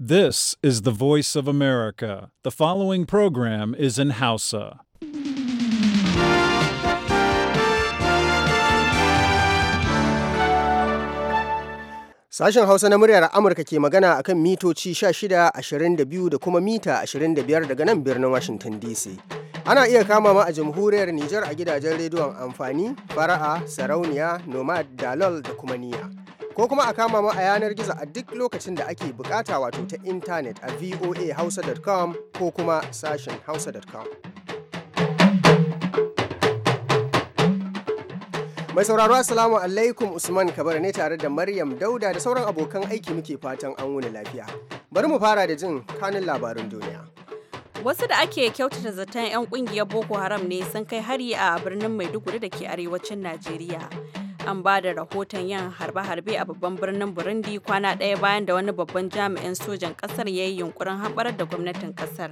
This is the voice of America. The following program is in Hausa. Sashen Hausa na muryar Amurka ke magana akan mitoci 16, 22 da kuma mita 25 daga nan birnin Washington DC. Ana iya kama ma a jamhuriyar Nijar a gidajen rediyon amfani, fara'a, sarauniya, nomad, dalol da kuma niya. ko kuma a kama mu a yanar gizo a duk lokacin da ake bukata wato ta intanet a voahausa.com ko kuma sashen hausa.com. Mai sauraro asalamu alaikum Usman Kabar ne tare da Maryam Dauda da sauran abokan aiki muke fatan an wuni lafiya. Bari mu fara da jin kanin labarin duniya. Wasu da ake kyautata zaton 'yan kungiyar Boko Haram ne sun kai hari a birnin Maiduguri da ke arewacin Najeriya. an ba da rahoton yin harbe-harbe a babban birnin burundi kwana ɗaya bayan da wani babban jami'in sojan ƙasar ya yi yunkurin haɓar da gwamnatin ƙasar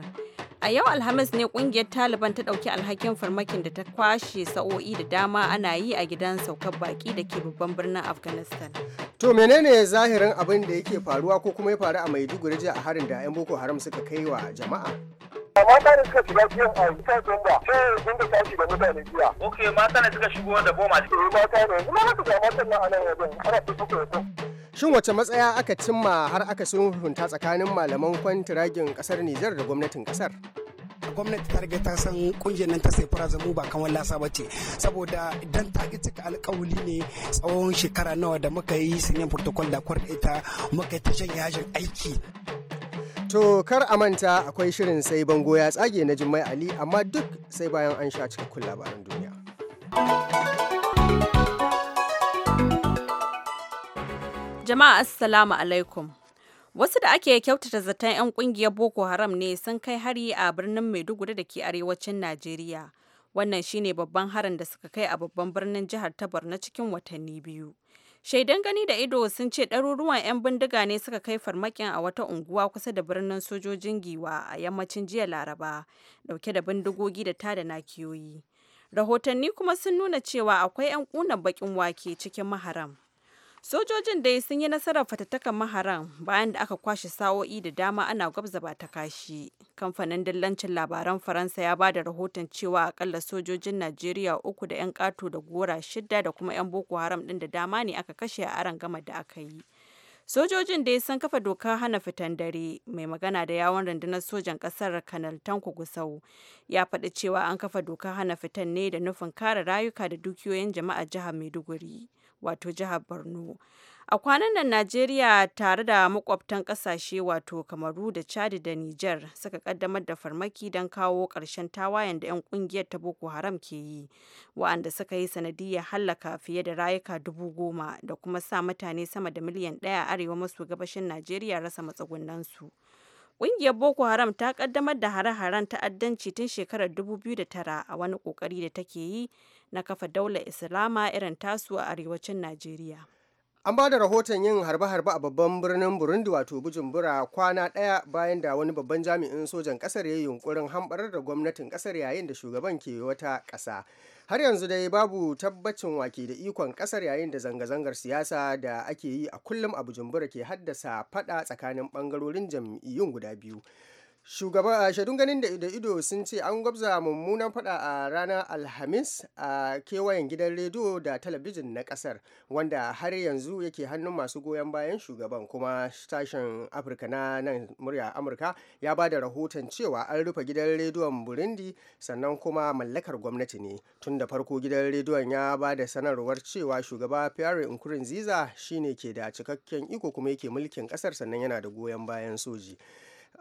a yau alhamis ne ƙungiyar taliban ta ɗauki alhakin farmakin da ta kwashe sa'o'i da dama ana yi a gidan saukar baƙi da ke babban birnin afghanistan to menene zahirin abin da yake faruwa ko kuma ya faru a maiduguri a harin da 'yan boko haram suka kai wa jama'a mata ne suka shiga biyan a ita bomba sai sun da tashi da mutane biya. ok mata ne suka shigo da bomba. eh mata ne kuma na ga matan nan a nan wajen ana tuka yanzu. Shin wace matsaya aka cimma har aka sulhunta tsakanin malaman kwantiragin kasar Nijar da gwamnatin kasar? gwamnati ta riga ta san kungiyar nan ta sai mu ba kamar lasa ba ce saboda dan ta cika alkawali ne tsawon shekara nawa da muka yi sinyan protocol da kwar ita muka yi ta yajin aiki To kar a manta akwai shirin sai bango ya tsage na Jummai Ali amma duk sai bayan an sha cikakkun labaran duniya. Jama'a Assalamu alaikum. Wasu da ake kyautata zaton 'yan kungiyar Boko Haram ne sun kai hari a birnin Maiduguri da ke arewacin Najeriya. Wannan shine babban harin da suka kai a babban birnin jihar tabar na cikin watanni biyu. Shaidan gani da ido sun ce ɗaruruwan 'yan bindiga ne suka kai farmakin a wata unguwa kusa da birnin sojojin Giwa a yammacin jiya Laraba, dauke da bindigogi da tada nakiyoyi. Rahotanni kuma sun nuna cewa akwai 'yan ƙunan baƙin wake cikin maharam. Sojojin dai sun yi nasarar fatattakan maharan bayan da aka kwashe sa'o'i da dama ana gwabza ba ta kashi. Kamfanin dillancin labaran Faransa ya ba da rahoton cewa akalla sojojin Najeriya uku da 'yan kato da gora shidda da kuma 'yan Boko Haram ɗin da dama ne aka kashe a aron gama da aka yi. Sojojin dai sun kafa doka hana fitan dare. Mai magana da yawon rundunar sojan ƙasar Kanal Tanko Gusau ya faɗi cewa an kafa doka hana fitan ne da nufin kare rayuka da dukiyoyin jama'a jihar Maiduguri. wato jihar Borno. A kwanan nan Najeriya tare da makwabtan kasashe wato Kamaru da Chad da Niger suka kaddamar da farmaki don kawo ƙarshen tawayen da 'yan kungiyar ta Boko Haram ke yi, wa'anda suka yi sanadiyar hallaka fiye da rayuka dubu goma da kuma sa mutane sama da miliyan ɗaya arewa maso gabashin Najeriya rasa matsugunansu. kungiyar Boko Haram ta kaddamar da hare-haren ta'addanci tun shekarar 2009 a wani kokari da take yi na kafa daular Islama irin tasu a arewacin Najeriya. An ba da rahoton yin harbe-harbe a babban birnin Burundi wato Bujumbura kwana ɗaya bayan da wani babban jami'in sojan ƙasar ya yi yunkurin hambarar da gwamnatin ƙasar yayin da shugaban ke wata ƙasa. har yanzu dai babu tabbacin wake da ikon kasar yayin da zanga-zangar siyasa da ake yi a kullum a bujumbura ke haddasa fada tsakanin bangarorin jam'iyyun guda biyu shugaba a shaidun ganin da ido sun ce an gwabza mummunan fada a ranar alhamis a kewayen gidan rediyo da talabijin na kasar wanda har yanzu yake hannun masu goyon bayan shugaban kuma sashen afirka na nan murya amurka ya ba da rahoton cewa an rufe gidan rediyon burundi sannan kuma mallakar gwamnati ne tun da farko gidan rediyon ya ba da sanarwar cewa shugaba pierre nkurunziza shine ke da cikakken iko kuma yake mulkin kasar sannan yana da goyon bayan soji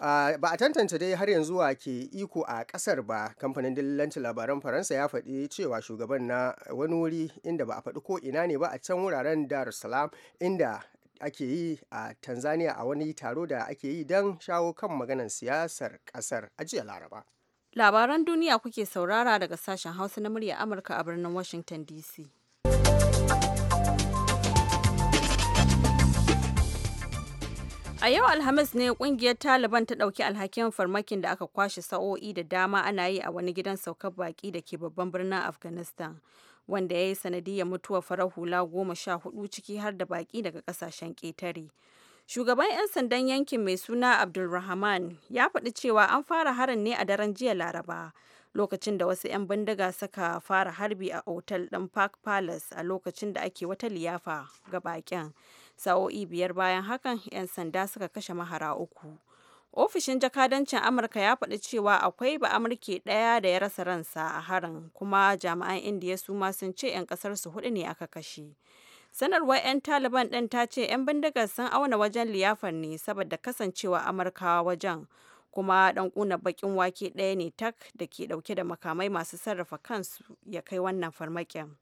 Uh, ba a tantance dai har yanzu a ke iko a kasar ba kamfanin dillanci labaran faransa ya faɗi cewa shugaban na wani wuri inda ba a faɗi ko ina ne ba a can wuraren dar es salaam inda ake yi a tanzania a wani taro da ake yi don shawo kan maganar siyasar kasar a jiya laraba labaran duniya kuke saurara daga sashen hausa na murya amurka a birnin washington dc A yau Alhamis ne kungiyar Taliban ta ɗauki alhakin farmakin da aka kwashe sa'o'i da dama ana yi a wani gidan saukar baƙi da ke babban birnin Afghanistan, wanda ya yi sanadiyar mutuwar farar hula goma sha hudu ciki har da baƙi daga ƙasashen ƙetare. Shugaban 'yan sandan yankin mai suna Abdulrahman ya faɗi cewa an fara harin ne a daren jiya Laraba, lokacin da wasu 'yan bindiga suka fara harbi a otal ɗin Park Palace a lokacin da ake wata liyafa ga baƙin. sa'o'i biyar bayan hakan 'yan sanda suka kashe mahara uku ofishin jakadancin amurka ya faɗi cewa akwai ba ɗaya da ya rasa ransa a harin kuma jami'an indiya su ma sun ce 'yan ƙasar su hudu ne aka kashe sanarwar 'yan taliban ɗin ta ce 'yan bindigar sun auna wajen liyafar ne saboda kasancewa amurkawa wajen kuma ɗan ƙuna bakin wake ɗaya ne tak da ke ɗauke da makamai masu sarrafa kansu ya kai wannan farmakin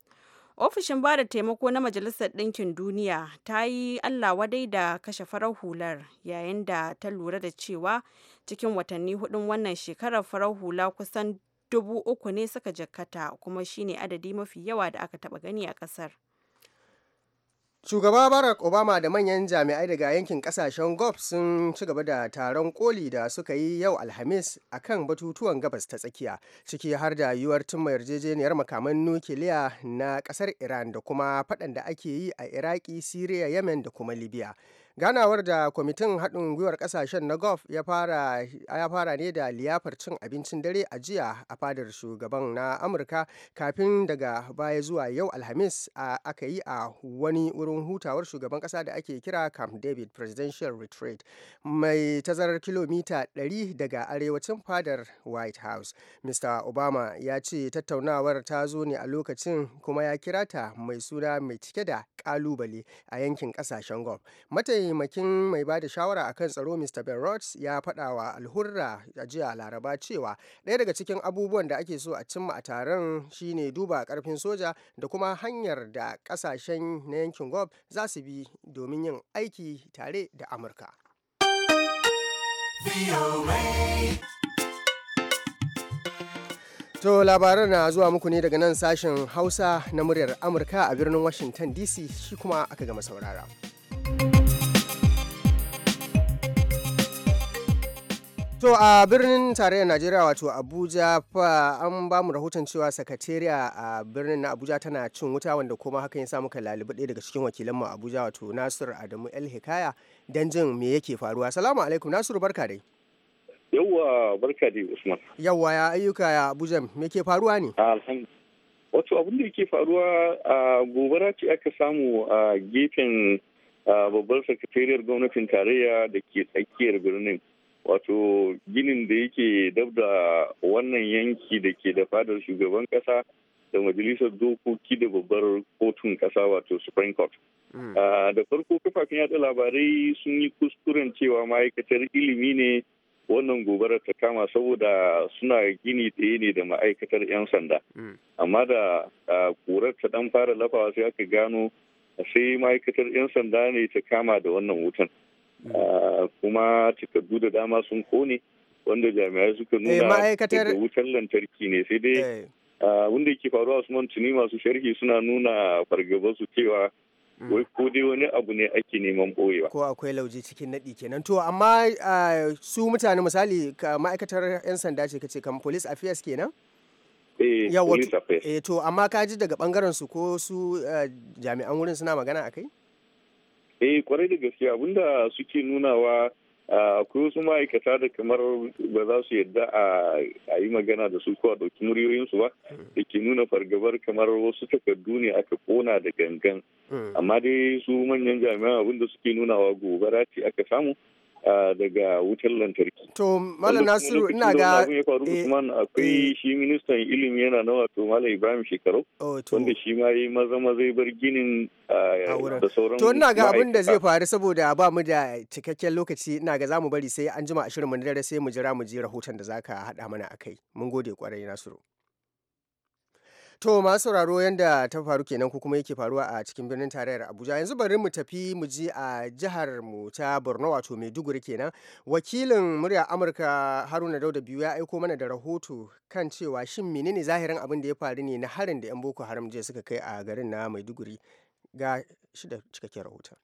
Ofishin bada taimako na Majalisar Ɗinkin Duniya ta yi Allah wadai da kashe farar hular yayin da ta lura da cewa cikin watanni hudun wannan shekarar farar hula kusan dubu uku ne suka jakkata kuma shine adadi mafi yawa da aka taba gani a kasar. Shugaba Barack Obama da manyan jami'ai daga yankin kasashen Gulf sun ci gaba da taron koli da suka yi yau Alhamis a kan batutuwan gabas ta tsakiya, ciki har da yiwuwar cimma yarjejeniyar makaman nukiliya na kasar Iran da kuma faɗan da ake yi a Iraki, Siriya, Yemen da kuma Libya. ganawar da kwamitin haɗin gwiwar ƙasashen na gov ya fara ne da liyafar cin abincin dare a jiya a fadar shugaban na amurka kafin daga baya zuwa yau alhamis aka yi a wani wurin hutawar shugaban ƙasa da ake kira camp david presidential retreat mai tazarar kilomita 100 daga arewacin fadar white house mr obama ya ce tattaunawar ta zo ne a lokacin kuma ya kira ta mai suna mai cike da ƙalubale a yankin ƙasashen gulf mataimakin mai bada da shawara akan tsaro mr ben rhodes ya faɗa wa alhurra a jiya laraba cewa ɗaya daga cikin abubuwan da ake so a cimma a taron shine duba karfin soja da kuma hanyar da ƙasashen na yankin gob za su bi domin yin aiki tare da amurka To labaran na zuwa muku ne daga nan sashen Hausa na muryar Amurka a birnin Washington DC shi kuma aka gama saurara. To a birnin tarayyar Najeriya wato Abuja fa an ba mu rahoton cewa sakatariya a birnin na Abuja tana cin wuta wanda kuma hakan ya sa muka lalibi ɗaya daga cikin wakilan mu Abuja wato Nasir Adamu El Hikaya dan jin me yake faruwa. Assalamu alaikum Nasir barka dai. Yawwa barka dai Usman. Yawwa ya ayyuka ya Abuja me ke faruwa ne? Ah, wato abin da yake faruwa a gobara ce aka samu a gefen babbar sakatariyar gwamnatin tarayya da ke tsakiyar birnin. wato ginin da yake dab da wannan yanki da ke da fadar shugaban kasa da majalisar dokoki da babbar kotun kasa wato supreme court hmm. ah, da farko kafafen yada labarai sun yi kuskuren cewa ma'aikatar ilimi ne wannan gobara ta kama saboda suna gini ɗaya ne da ma'aikatar 'yan sanda hmm. amma da kurar ah, ta dan fara lafawa sai aka gano sai ma'aikatar 'yan sanda ne ta kama da wannan wutan Mm. Ah, kuma cikaddu da dama sun kone wanda jami'ai suka eh, nuna da wutar lantarki ne sai dai wanda eh. ah, yake faruwa su tuni masu sharhi suna nuna fargaba su cewa mm. wai ko dai wani abu ne ake neman boyewa ko akwai lauje cikin naɗi kenan to amma ah, su mutane misali ma'aikatar 'yan sanda ce kace kan police affairs kenan eh, eh to amma ka ji daga bangaren su ko su jami'an wurin suna magana akai eh kwarai da gaske abinda suke nunawa akwai wasu ma'aikata da kamar ba za su yadda a yi magana da su ko a ɗauki muryoyinsu ba da ke nuna fargabar kamar wasu takardu ne aka kona da gangan hmm. amma dai su manyan jami'an abinda suke nunawa gobara ce aka samu daga wutar lantarki. To Malam Nasiru ina ga abin ya faru eh, Usman akwai eh. shi ministan ilimi yana nawa to Malam Ibrahim Shekaru oh, wanda shi ma yi maza maza bar ginin da sauran To ina ga abin da zai faru saboda ba mu da cikakken lokaci ina ga zamu bari sai an jima a shirin mu na dare sai mu jira mu ji rahoton da zaka haɗa mana akai. Mun gode kwarai Nasiru. To masu sauraro yadda ta faru kenan ko kuma yake faruwa a cikin birnin tarayyar Abuja yanzu bari mu tafi mu ji a jihar mu ta Borno wato Maiduguri kenan wakilin murya Amurka Haruna Dauda biyu ya aiko mana da rahoto kan cewa shin menene zahirin abin da ya faru ne na harin da 'yan Boko Haram jiya suka kai a garin na Maiduguri ga shi da cikakken rahoton.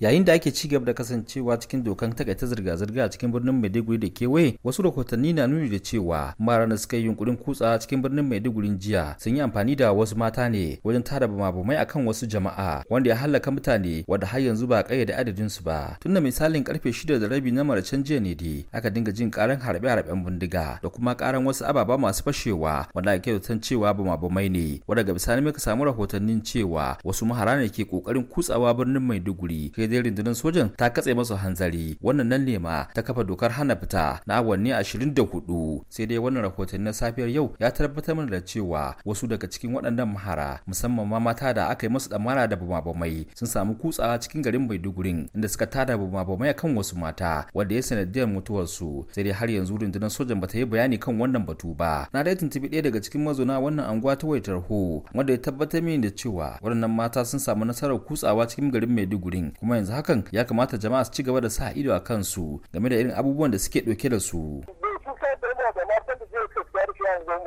yayin da ake ci gaba da kasancewa cikin dokan takaita zirga-zirga a cikin birnin maiduguri da kewaye wasu rahotanni na nuni da cewa maran da suka yi yunkurin kutsa cikin birnin maiduguri jiya sun yi amfani da wasu mata ne wajen tara bamabamai akan wasu jama'a wanda ya halaka mutane wanda har yanzu ba kayyade adadin su ba tunda misalin karfe shida da rabi na maracen jiya ne dai aka dinga jin karan harbe-harben bindiga da kuma karan wasu ababa masu fashewa wanda ake zaton cewa bamabamai ne wanda ga bisani muka samu rahotannin cewa wasu mahara ke kokarin kutsawa birnin maiduguri sai dai sojan ta katse masu hanzari wannan nan nema ta kafa dokar hana fita na awanni 24 sai dai wannan rahoton na safiyar yau ya tabbatar mana da cewa wasu daga cikin waɗannan mahara musamman ma mata da aka yi masu damara da bumabumai sun samu kutsawa cikin garin Maiduguri inda suka tada bumabumai kan wasu mata wanda ya sanadiyar mutuwarsu sai dai har yanzu rundunar sojan bata yi bayani kan wannan batu ba na dai tuntubi ɗaya daga cikin mazauna wannan anguwa ta waitar ho wanda ya tabbatar mini da cewa waɗannan mata sun samu nasarar kutsawa cikin garin maidugurin kuma yanzu hakan ya kamata jama'a su ci gaba da sa ido a kansu game da irin abubuwan da suke ɗauke da su.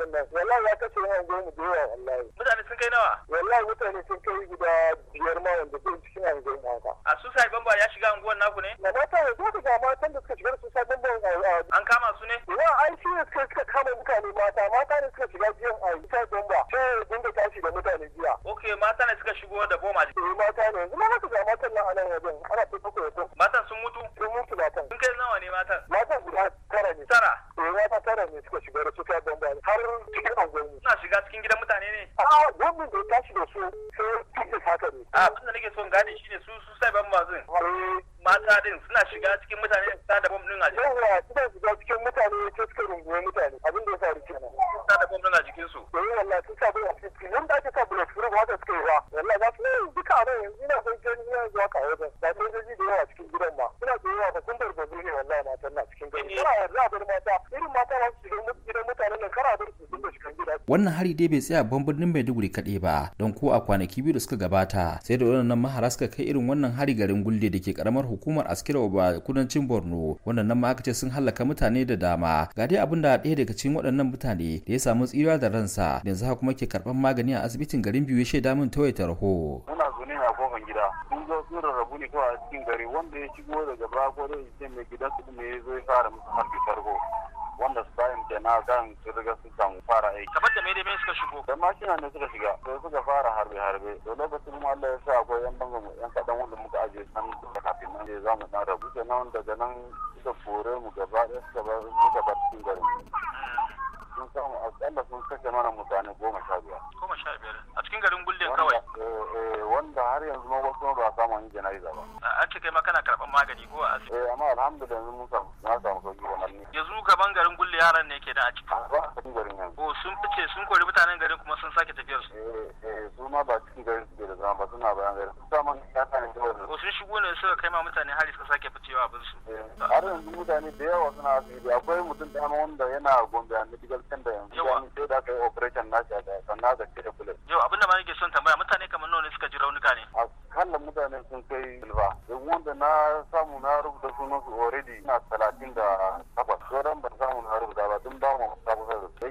unguwannin nan wallahi ya kashe yan unguwannin da yawa wallahi mutane sun kai nawa wallahi mutane sun kai guda biyar ma wanda zai cikin unguwannin haka a su sai bamba ya shiga unguwan naku ne na mata ne duk da matan da suka shiga su sai bamba an kama su ne wa ai shi ne suka suka kama mutane mata mata ne suka shiga jiyan a sai bamba sai dinga tashi da mutane jiya okay mata ne suka shigo da boma eh mata ne yanzu ma haka ga matan nan anan wajen ana tafi ko matan sun mutu sun mutu matan sun kai nawa ne matan matan guda tara ne tara mai wata tara ne suka shiga da suka bomba har cikin anguwanni na shiga cikin gidan mutane ne a gwamnan da ya tashi da su sai duk haka ne a abin da nake son gane shine su su sai ban mazin mata din suna shiga cikin mutane da da bom din a jiya wannan hari dai bai tsaya ban birnin maiduguri kaɗai ba don ko a kwanaki biyu da suka gabata sai da wannan mahara suka kai irin wannan hari garin gulde da ke karamar hukumar askira ba kudancin borno wannan nan ma aka ce sun hallaka mutane da dama ga dai abin da ɗaya daga cikin waɗannan mutane da ya samu tsira da ransa yanzu haka kuma ke karɓar magani a asibitin garin biyu ya shaida min ta raho. muna gida zo sun rarrabu ne kawai a cikin gari wanda ya shigo daga bako da ya ce mai gidansu ne ya zo ya fara musu harbi farko wanda prime ke na kan su riga su kan fara aiki kamar da mai suka shigo da makina ne suka shiga sai suka fara harbe harbe da lokacin mu Allah ya sa akwai yan bangan mu yan kaɗan wanda muka ajiye san kafin nan ne za mu dan rabu kenan daga nan suka kore mu gaba ɗaya suka bar cikin garin eh. sun samu akalla sun kashe mana mutane goma sha biyar. Goma sha biyar a cikin garin Gulden kawai. Eh, eh, wanda har yanzu ma wasu ba a samu an jana'iza ba. A ce kai ma kana karɓar magani ko a asibiti. Eh amma alhamdulillah mun samu na samu sauki wannan ne. Yanzu gaban garin gulle yaran ne ke da a ciki. Ba a cikin garin yanzu. Oh sun fice sun kori mutanen garin kuma sun sake tafiyar su. Eh, eh su ma ba cikin garin suke da zama ba suna bayan garin. Su samu ya kane kawai. sun shigo ne suka kai ma mutane hari suka sake ficewa bin su. Har yanzu mutane da yawa suna asibiti akwai mutum ɗaya wanda yana Gombe a medical cikin da yanzu yawa sai da aka yi operation na shi da sannan aka cire bullet. Yau abinda ma nake son tambaya mutane kamar nawa ne suka ji raunuka ne? a kalla mutane sun kai silva. Duk wanda na samu na rubuta sunan su already na talatin da takwas. Sauran ban samu na rubuta ba don ba mu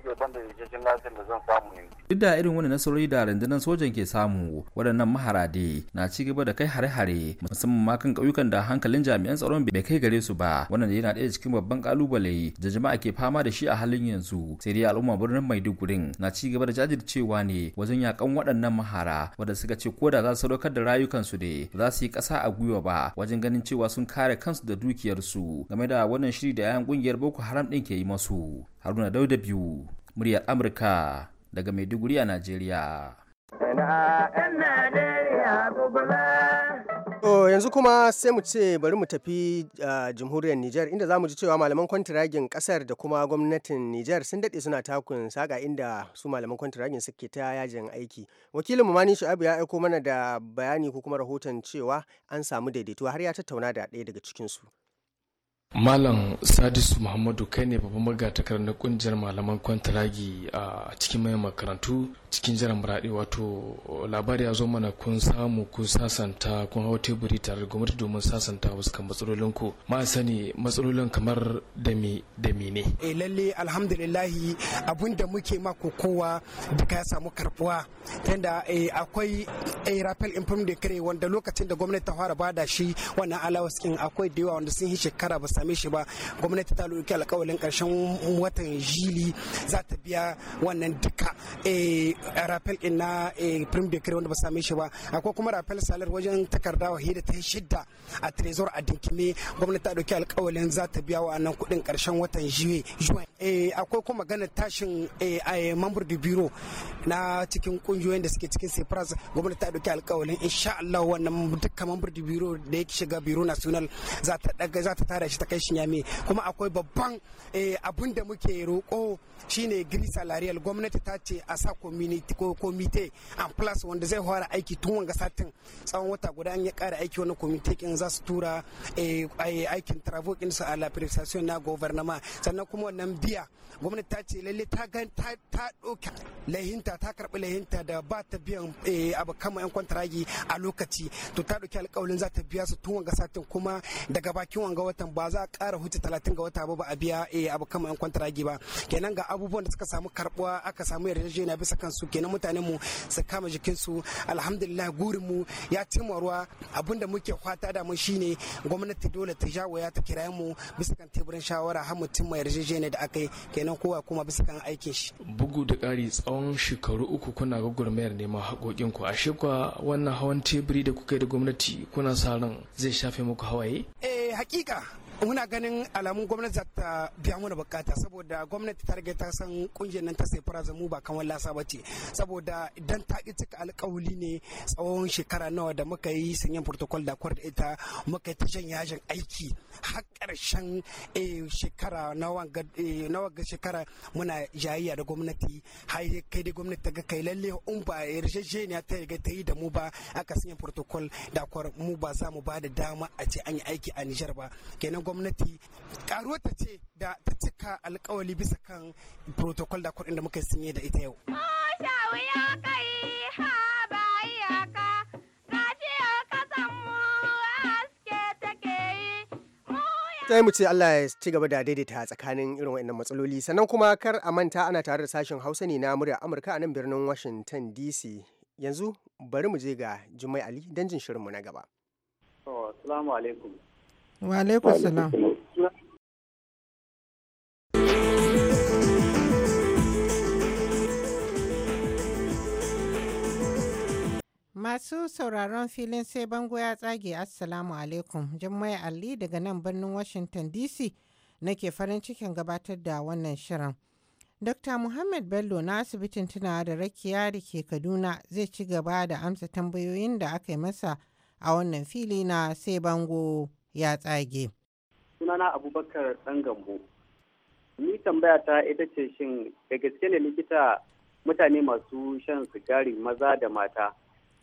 ce ban da da zan samu yanzu. Duk irin wani nasarori da rundunar sojan ke samu waɗannan maharade na ci gaba da kai hare-hare musamman ma kan ƙauyukan da hankalin jami'an tsaron bai kai gare su ba wannan yana ɗaya cikin babban ƙalubale da jama'a ke fama da shi a halin yanzu sai dai al'umma birnin Maiduguri na ci gaba da jajircewa ne wajen yakan waɗannan mahara wanda suka ce ko da za su sadaukar da rayukansu ne za su yi ƙasa a gwiwa ba wajen ganin cewa sun kare kansu da dukiyarsu game da wannan shiri da 'ya'yan ƙungiyar Boko Haram ɗin ke yi masu. Haruna Dauda biyu muryar Amurka daga Maiduguri a Najeriya. To yanzu kuma sai mu ce bari mu tafi jamhuriyar Nijar inda za mu ji cewa malaman kwantiragin kasar da kuma gwamnatin Nijar sun daɗe suna takun saka inda su malaman kwantiragin suke ta yajin aiki. Wakilin mu Mani Shu'abu ya aiko mana da bayani ko kuma rahoton cewa an samu daidaituwa har ya tattauna da ɗaya daga cikinsu. Malam Sadisu Muhammadu kai ne babban magatakar na kungiyar malaman kwantaragi a cikin mai makarantu cikin jiran muradi wato labari ya zo mana kun samu kun sasanta kun hau teburi tare da gwamnati domin sasanta wasu kan matsalolin ku ma sani matsalolin kamar da me da me ne eh lalle alhamdulillah abun da muke ma kowa duka ya samu karbuwa tunda eh, akwai eh rapel inform kare wanda lokacin da gwamnati ta fara bada shi wannan alawas din akwai da yawa wanda sun yi shekara ba same shi ba gwamnati ta dauki alƙawarin karshen watan jili za ta biya wannan duka eh rafel din na eh, prim decree wanda ba same shi ba akwai kuma rafel salar wajen takarda wa da ta shidda a trezor a dinkime gwamnati ta dauki alkawalin za ta biya wa nan kudin karshen watan juye eh, akwai kuma magana tashin eh, a mambar de biro na cikin kungiyoyin da suke cikin sefras gwamnati ta dauki alkawalin insha Allah wannan dukkan mambar de biro da yake shiga biro national za ta daga za ta tara shi ta kai shi nyame kuma akwai babban abun da muke roko shine grisa larial gwamnati ta ce a sa komi community ko komite an plus wanda zai fara aiki tun wanga satin tsawon wata guda an ya kara aiki wani komite kin za su tura eh, aikin travel din su a la prestation na government sannan kuma wannan biya gwamnati ta ce lalle ta ga ta doka lahinta ta karbi lahinta da ba ta biyan eh, abu kama yan kwantaragi a lokaci to ta doki alƙawalin za ta biya su tun wanga satin kuma daga bakin wanga watan ba za a kara hujja talatin ga wata ba ba a biya eh, abu kama yan kwantaragi ba kenan ga abubuwan da suka samu karbuwa aka samu yarjejeniya bisa kansu su kenan mutanen mu su kama jikin su alhamdulillah gurin mu ya timarwa abinda muke kwata da mu shine gwamnati dole ta ya ta kirayen mu bisa kan teburin shawara har mutum mai yarjejeniya da aka yi kenan kowa kuma bisa kan aikin shi bugu da ƙari tsawon shekaru uku kuna gwagwarmayar neman haƙoƙin ku ashe kwa wannan hawan teburi da kuka yi da gwamnati kuna sa ran zai shafe muku hawaye eh hakika muna ganin alamun gwamnati za ta biya mana bukata saboda gwamnati ta rage ta san kungiyar nan ta sai fara mu ba kamar lasa ba ce saboda dan ta ki cika alkawali ne tsawon shekara nawa da muka yi sanyan protocol da kwar ita muka yi ta jan yajin aiki har karshen eh, shekara nawa ga eh, shekara muna jayayya da gwamnati har kai da gwamnati ta ga kai lalle in ba yarjejeniya ta riga ta yi da mu ba aka sanya protocol da kwar mu ba za mu ba da dama a ce an yi aiki a Nijar ba kenan gwamnati karuwar ta ce da ta cika alkawali bisa kan protocol da kuɗin da muka sinye da ita yau. sai mu ce Allah ya ci gaba da daidaita tsakanin irin waɗannan matsaloli sannan kuma kar a manta ana tare da sashen hausa ne na murya amurka a nan birnin washington dc yanzu bari mu je ga jumai ali don jin shirinmu na gaba. Assalamu alaikum. Wa salam. Masu sauraron filin sai bango ya tsage Assalamu alaikum. Jummai Ali daga nan birnin Washington DC nake farin cikin gabatar da wannan shirin. Dr. Muhammad Bello na asibitin tunawa da rakiya da ke Kaduna zai ci gaba da amsa tambayoyin da aka yi masa a wannan fili na sai bango. ya tsage. Sunana Abubakar ɗan Ni tambaya ta ita ce shin da gaske ne likita mutane masu shan sigari maza da mata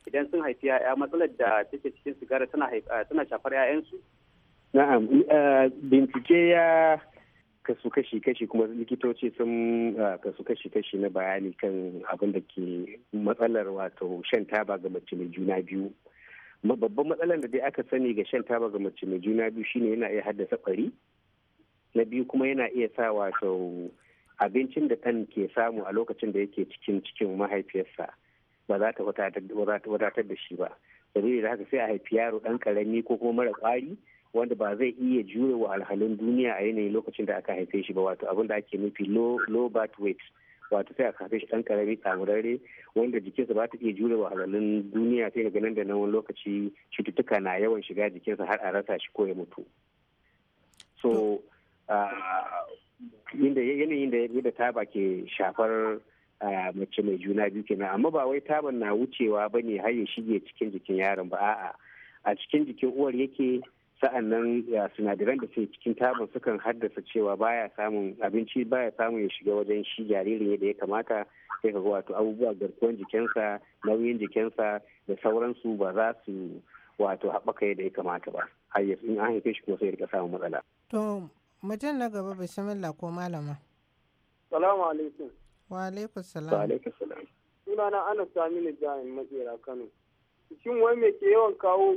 idan sun haifi ya'ya matsalar da take cikin sigari tana shafar 'ya'yansu? Na'am, eh, bincike ya kasu kashi-kashi kuma likitoci sun eh, kasu kashi-kashi na bayani kan abin da ke matsalar wato shan taba ga mace mai juna biyu. babban matsalar da dai aka sani ga shan taba ga mace mai juna biyu shine yana iya haddasa ɓari na biyu kuma yana iya sa wato abincin da ɗan ke samu a lokacin da yake cikin cikin mahaifiyarsa ba za ta wadatar da shi ba sabili da haka sai a haifi yaro ɗan karami ko kuma mara ƙwari wanda ba zai iya jure wa alhalin duniya a yanayin lokacin da aka haife shi ba wato abin da ake nufi low birth weight wato sai a kafe shi ɗan ƙarami tsamurarre wanda jikinsa ba ta iya jure wahalhalun duniya sai ga nan da nan wani lokaci cututtuka na yawan shiga jikinsa har a rasa shi ko ya mutu so inda yanayin da yadda taba ke shafar mace mai juna biyu kenan amma ba wai taban na wucewa ba ne har ya shige cikin jikin yaron ba a'a a cikin jikin uwar yake sa'annan sinadaran da ke cikin tabon sukan haddasa cewa baya samun abinci baya samun ya shiga wajen shi jaririn yadda ya kamata sai ka wato abubuwa garkuwan jikinsa nauyin jikinsa da sauransu ba za su wato haɓaka yadda ya kamata ba har in an haife shi kuma sai rika samun matsala. to mutum na gaba bismillah ko malama. salamu alaikum. wa alaikum salam. wa alaikum salam. sunana ana sami ni jami'in matsera kano. shin wai me ke yawan kawo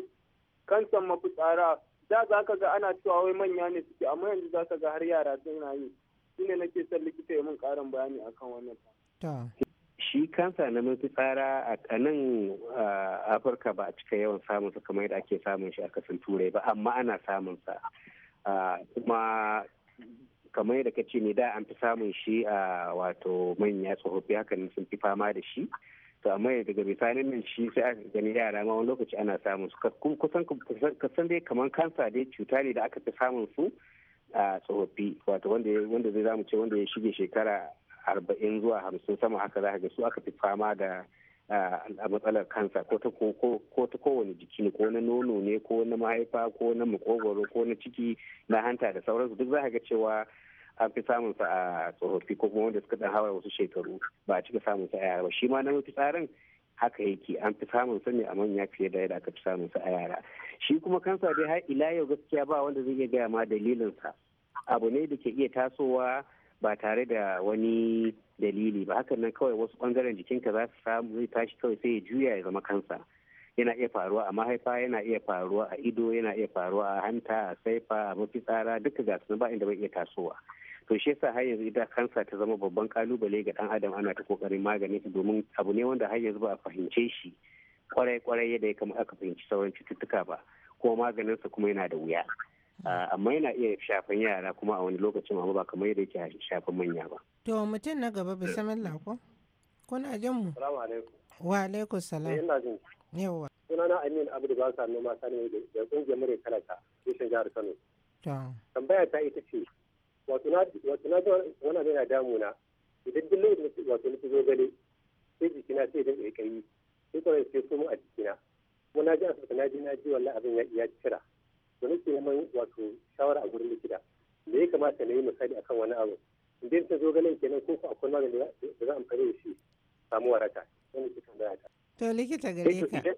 kansan mafitsara da za ka ga ana cewa wai manya ne suke amma yanzu za ka ga har yara suna yi na nake son likita ya mun karin bayani akan wannan shi kansa na mafitsara a nan afirka ba a cika yawan samun sa kamar yadda ake samun shi a kasan turai ba amma ana samun sa kuma kamar yadda ka ne da an fi samun shi a wato manya tsofaffi hakan sun fi fama da shi to amma daga bisanin nan shi sai aka gani yara ma wani lokaci ana samun su kusan kusan dai kamar kansa dai cuta ne da aka fi samun su a tsofaffi wato wanda wanda zai zamu ce wanda ya shige shekara arba'in zuwa hamsin sama haka za ga su aka fi fama da a matsalar kansa ko ta ko ta kowane jiki ne ko na nono ne ko na mahaifa ko na makogoro ko na ciki na hanta da sauransu duk za ga cewa an fi samun sa a tsofaffi ko kuma wanda suka dan hawa wasu shekaru ba a cika samun sa a yara ba shi ma na mafi tsarin haka yake an fi samun sa ne a manya fiye da yadda aka fi samun sa a yara shi kuma kansa dai har ila yau gaskiya ba wanda zai iya gaya ma dalilin sa abu ne da ke iya tasowa ba tare da wani dalili ba hakan nan kawai wasu bangaren jikinka za su samu zai tashi kawai sai ya juya ya zama kansa yana iya faruwa a mahaifa yana iya faruwa a ido yana iya faruwa a hanta a saifa a mafitsara duka gasu ba inda bai iya tasowa to shi yasa har yanzu ita kansa ta zama babban kalubale ga dan adam ana ta kokarin maganin domin abu ne wanda har yanzu ba a fahimce shi kwarai kwarai yadda ya kama aka fahimci sauran cututtuka ba kuma sa kuma yana da wuya amma yana iya shafan yara kuma a wani lokacin amma ba kamar yadda yake shafan manya ba to mutum na gaba bismillah ko kuna jin mu assalamu alaikum wa alaikum salam eh, ina jin yawa sunana Amin Abdul Basa noma sani da kungiyar murai talaka kishin jihar Kano tambaya ta ita ce wato na ji wani abin na damuna idan duk lokacin da wato na zo gani sai jikina sai da ƙaiƙayi sai kwanan sai kuma a jikina kuma na ji sassa na ji na ji wani abin ya cira to ke neman wato shawara a gurin likita me ya kamata na yi misali akan wani abu idan ta zo ganin kenan ko akwai magani da za a amfani da shi samu waraka wani ke da ta. to likita gare eh, ka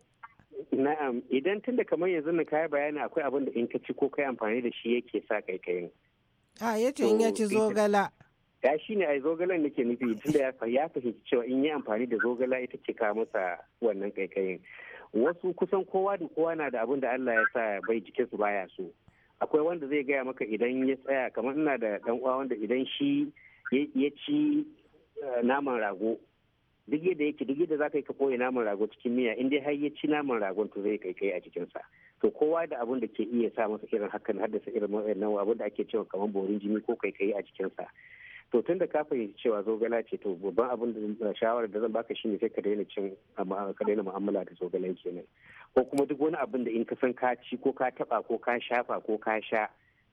na'am idan tun da kamar yanzu na kayi bayani akwai abin da in ka ci ko kai amfani da shi yake sa kaikayin a ya ce in ya ci eh, zogala ya shi ne a zogalan nake nufi da ya fahimci cewa in yi amfani da zogala ita ce kawo masa wannan kaikayin wasu kusan kowa da kowa na da abin da Allah ya sa bai su baya so akwai wanda zai gaya maka idan ya tsaya kamar ina da dan uwa wanda idan shi ya ci eh, naman rago duk yadda yake duk yadda zaka yi ka koya naman rago cikin miya in dai har ya ci naman ragon to zai kai kai a jikinsa to kowa da abin da ke iya sa masa irin hakan haddasa irin waɗannan abin da ake cewa kamar borin jini ko kaikayi a jikinsa to tun da ka fahimci cewa zogala ce to babban abin da shawarar da zan baka shine sai ka daina cin ka daina mu'amala da zogalan kenan ko kuma duk wani abin da in ka san ka ci ko ka taba ko ka shafa ko ka sha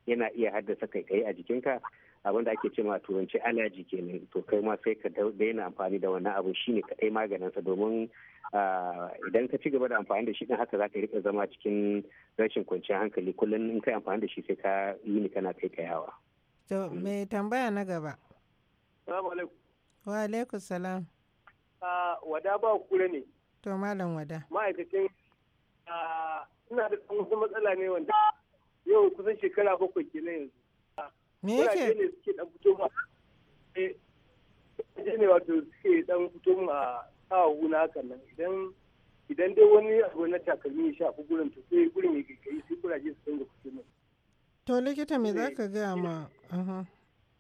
yana iya haddasa kaikayi a jikinka abin da ake ce ma turanci allergy kenan to kai ma sai ka daina amfani da wannan abu shine kadai maganin sa domin idan ka ci gaba da amfani da shi din haka zaka rika zama cikin rashin kwanciyar hankali kullum in kai amfani da shi sai ka yi ni kana kai kayawa to me tambaya na gaba assalamu alaikum wa alaikum salam wada ba kure ne to malam wada ma'aikacin ina da wasu matsala ne wanda yau kusan shekara bakwai kenan yanzu me yake ne suke dan fito ma eh ne wato suke dan fito ma kawu na kan nan idan idan dai wani abu na takalmi ya shafi gurin to sai gurin ya gaggayi sai kuraje su dinga fito mai to likita me za eh, ka gaya ma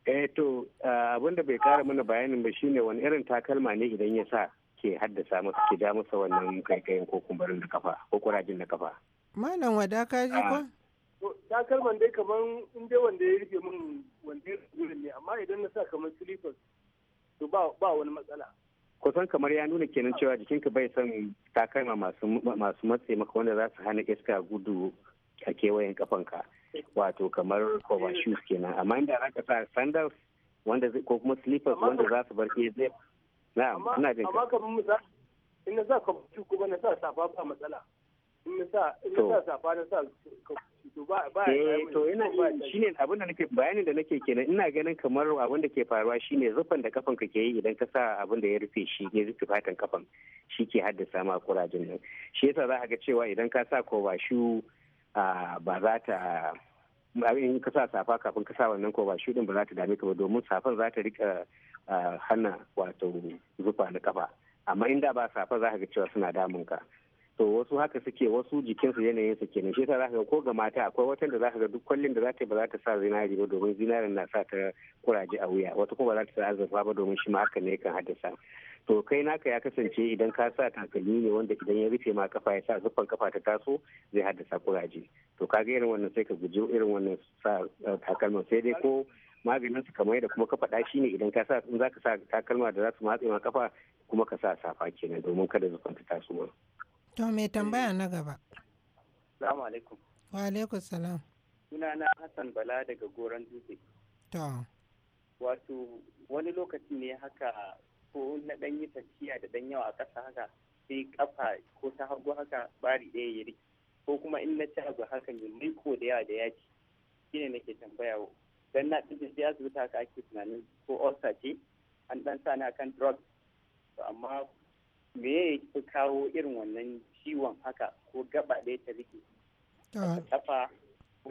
eh to ah, abin da bai kara mana bayanin ba shine wani irin takalma ne idan ya sa ke haddasa masa ke ja masa wannan kaikayin ko kumbarin da kafa ko kurajin da kafa malam wada ka ji ko ah. takalman dai kaman in dai wanda ya rufe min wanda ya ne amma idan na sa kamar slippers to ba wani matsala kusan kamar ya nuna kenan cewa jikinka bai son takalma masu matse maka wanda za su hana iska gudu a kewayen kafanka wato kamar cover shoes kenan amma inda za ka sa sandals wanda ko kuma slippers wanda za su bar zai na amma kamar mu in na sa kuma na sa safa ba matsala to ina shine abin da nake bayanin da nake kenan ina ganin kamar abin da ke faruwa shine zufan da kafanka ke yi idan ka sa abin da ya rufe shi ya rufe fatan kafan shi ke haddasa ma kurajen nan shi yasa za ga cewa idan ka sa shu ba za ta in ka sa safa kafin ka sa wannan kobashu din ba za ta dame ka ba domin safan za ta rika hana wato zufa na kafa amma in da ba safa za ka ga cewa suna damun ka to wasu haka suke wasu jikinsu yanayin su kenan shi yasa zaka ga ko ga mata akwai watan da zaka ga duk kwallin da zata ba za ta sa zinari ba domin zinarin na sa ta kuraje a wuya wata kuma ba za ta sa azurfa ba domin shi ma haka ne kan haddasa to kai naka ya kasance idan ka sa takalmi ne wanda idan ya rufe ma kafa ya sa zuffan kafa ta taso zai haddasa kuraje to ka ga irin wannan sai ka guji irin wannan sa eh, takalmin sai dai ko maganin su kamar yadda kuma ka faɗa shi ne idan ka sa in za ka sa takalma da za su matse ma kafa kuma ka sa safa kenan domin kada zuffan ta taso ba. To mai tambaya na gaba. Salamu alaikum. Wa alaikum salam. Sunana Hassan Bala daga Goron Dutse. To. Wato wani lokaci ne haka ko na ɗan yi tafiya da ɗan yawa a ƙasa haka sai kafa ko ta hagu haka bari ɗaya ya riki ko kuma in na ci hagu haka ne mai ko da yawa da yaki shine nake tambaya wa dan na ɗin sai asibiti haka ake tunanin ko ulcer ce an ɗan sa ni akan drugs to amma me ya fi kawo irin wannan ciwon haka ko gaba ɗaya ta rike tafa ko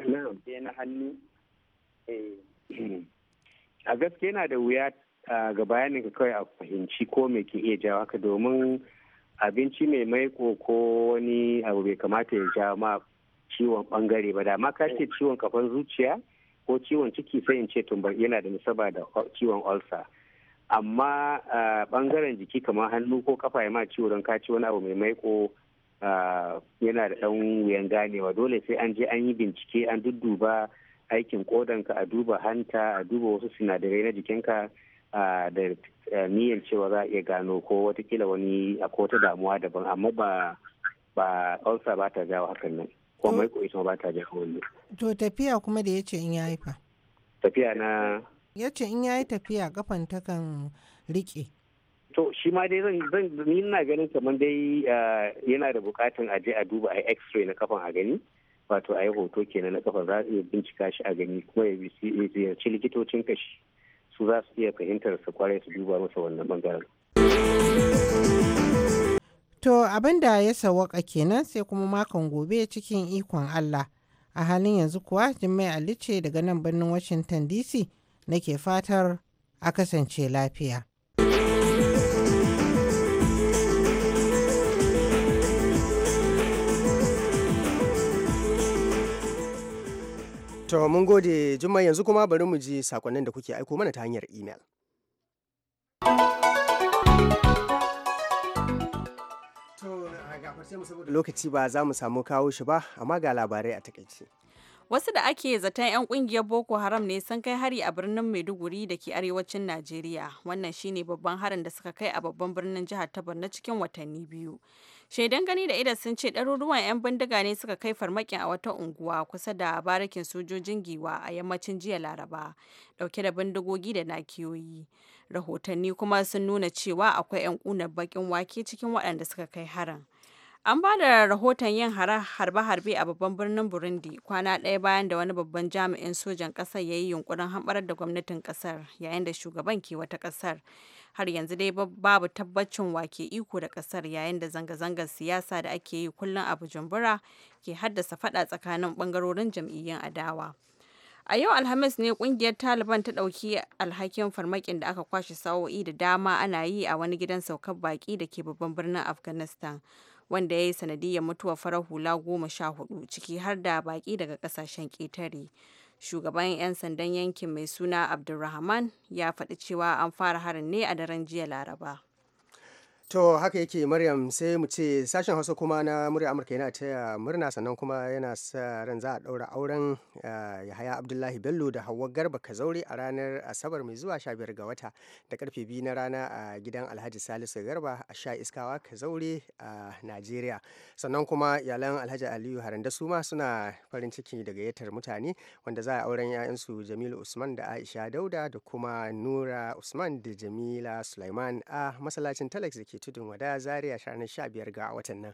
na hannu eh. a gaske yana da wuya ga bayanin ka kawai a fahimci ko me ke iya jawo haka domin abinci mai maiko ko wani abu bai kamata ya ja ma ciwon bangare ba da ma ce ciwon kafan zuciya ko ciwon ciki sai in ce tumbar yana da nasaba da ciwon ulcer amma bangaren jiki kamar hannu ko kafa ya ma ciwo don kaci wani abu mai maiko yana da ɗan wuyan ganewa dole sai an je an yi bincike an dudduba aikin kodanka a duba hanta a duba wasu sinadarai na jikinka da niyyar cewa za a iya gano ko watakila wani a wata damuwa daban amma ba ba ulcer ba ta jawo hakan nan ko maiko ita ba ta jawo wani to tafiya kuma da yace in ya haifa tafiya na ya ce in yi tafiya kafan kan rike to shi ma dai zan ni na ganin kamar dai eh, yana da bukatun a je a duba a x-ray na kafan a gani wato a yi hoto kenan na kafan za iya bincika shi a gani kuma ya ziyarci likitocin kashi su za su iya fahimtar su kwarai su duba masa wannan bangaren To abin da ya sawaka kenan sai kuma makon gobe cikin ikon Allah. A halin yanzu kuwa Jummai Ali ce daga nan birnin Washington DC nake fatar a kasance lafiya. To mun gode Jummai yanzu kuma bari mu ji sakonnin da kuke aiko mana ta hanyar email. To a gafarce mu saboda lokaci ba za mu samu kawo shi ba amma ga labarai a takaice. Wasu da ake zaton 'yan kungiyar Boko Haram ne sun kai hari a birnin Maiduguri da ke arewacin Najeriya. Wannan shine babban harin da suka kai a babban birnin jihar ta na cikin watanni biyu. Shaidan gani da idan sun ce ɗaruruwan 'yan bindiga ne suka kai farmakin a wata unguwa kusa da barakin sojojin giwa a yammacin jiya Laraba, ɗauke da bindigogi da nakiyoyi. Rahotanni kuma sun nuna cewa akwai 'yan kunar bakin wake cikin waɗanda suka kai harin. An ba da rahoton yin harbe-harbe a babban birnin Burundi kwana ɗaya bayan da wani babban jami'in sojan ƙasar ya yi yunkurin hamɓarar da gwamnatin ƙasar yayin da shugaban ke wata ƙasar. Har yanzu dai babu tabbacin wa ke iko da ƙasar yayin da zanga-zangar siyasa da ake yi kullum a Bujumbura ke haddasa faɗa tsakanin ɓangarorin jam'iyyun adawa. A yau Alhamis ne kungiyar Taliban ta ɗauki alhakin farmakin da aka kwashe sa'o'i da dama ana yi a wani gidan saukar baƙi da ke babban birnin Afghanistan. wanda ya yi sanadiyar mutuwar farar hula goma sha hudu ciki har da baki daga kasashen ƙetare. Shugaban 'yan sandan yankin mai suna Abdulrahman ya faɗi cewa an fara harin ne a daren jiya Laraba. To haka yake Maryam sai mu ce sashen Hausa kuma na murya Amurka yana taya murna sannan kuma yana sa ran za a ɗaura auren eh, Yahaya Abdullahi Bello da Hauwa Garba zaure a ranar Asabar mai zuwa 15 ga wata da karfe biyu na rana a gidan Alhaji Salisu Garba a sha iskawa zaure a Najeriya. Sannan kuma iyalan Alhaji Aliyu Haranda su ma suna farin ciki da gayyatar mutane wanda za a auren 'ya'yansu Jamilu Usman da Aisha Dauda da kuma Nura Usman da Jamila Sulaiman a masallacin talex da ke ke tudun wada zaria ranar sha biyar ga watan nan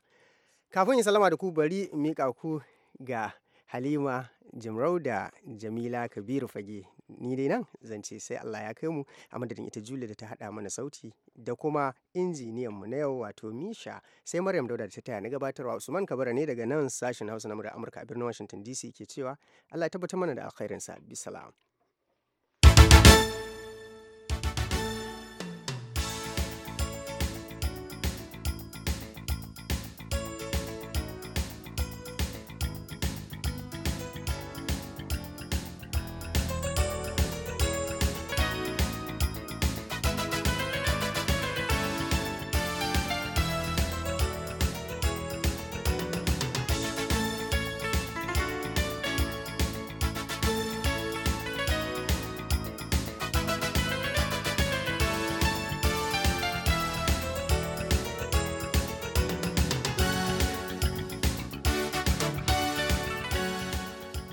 kafin in salama da ku bari miƙa ku ga halima jimrau da jamila kabiru fage ni dai nan zance sai allah ya kai mu a madadin ita julia da ta haɗa mana sauti da kuma injiniyan mu na yau wato misha sai maryam dauda da ta taya na gabatarwa usman kabara ne daga nan sashen hausa na amurka a birnin washington dc ke cewa allah ya tabbatar mana da alkhairinsa bisalam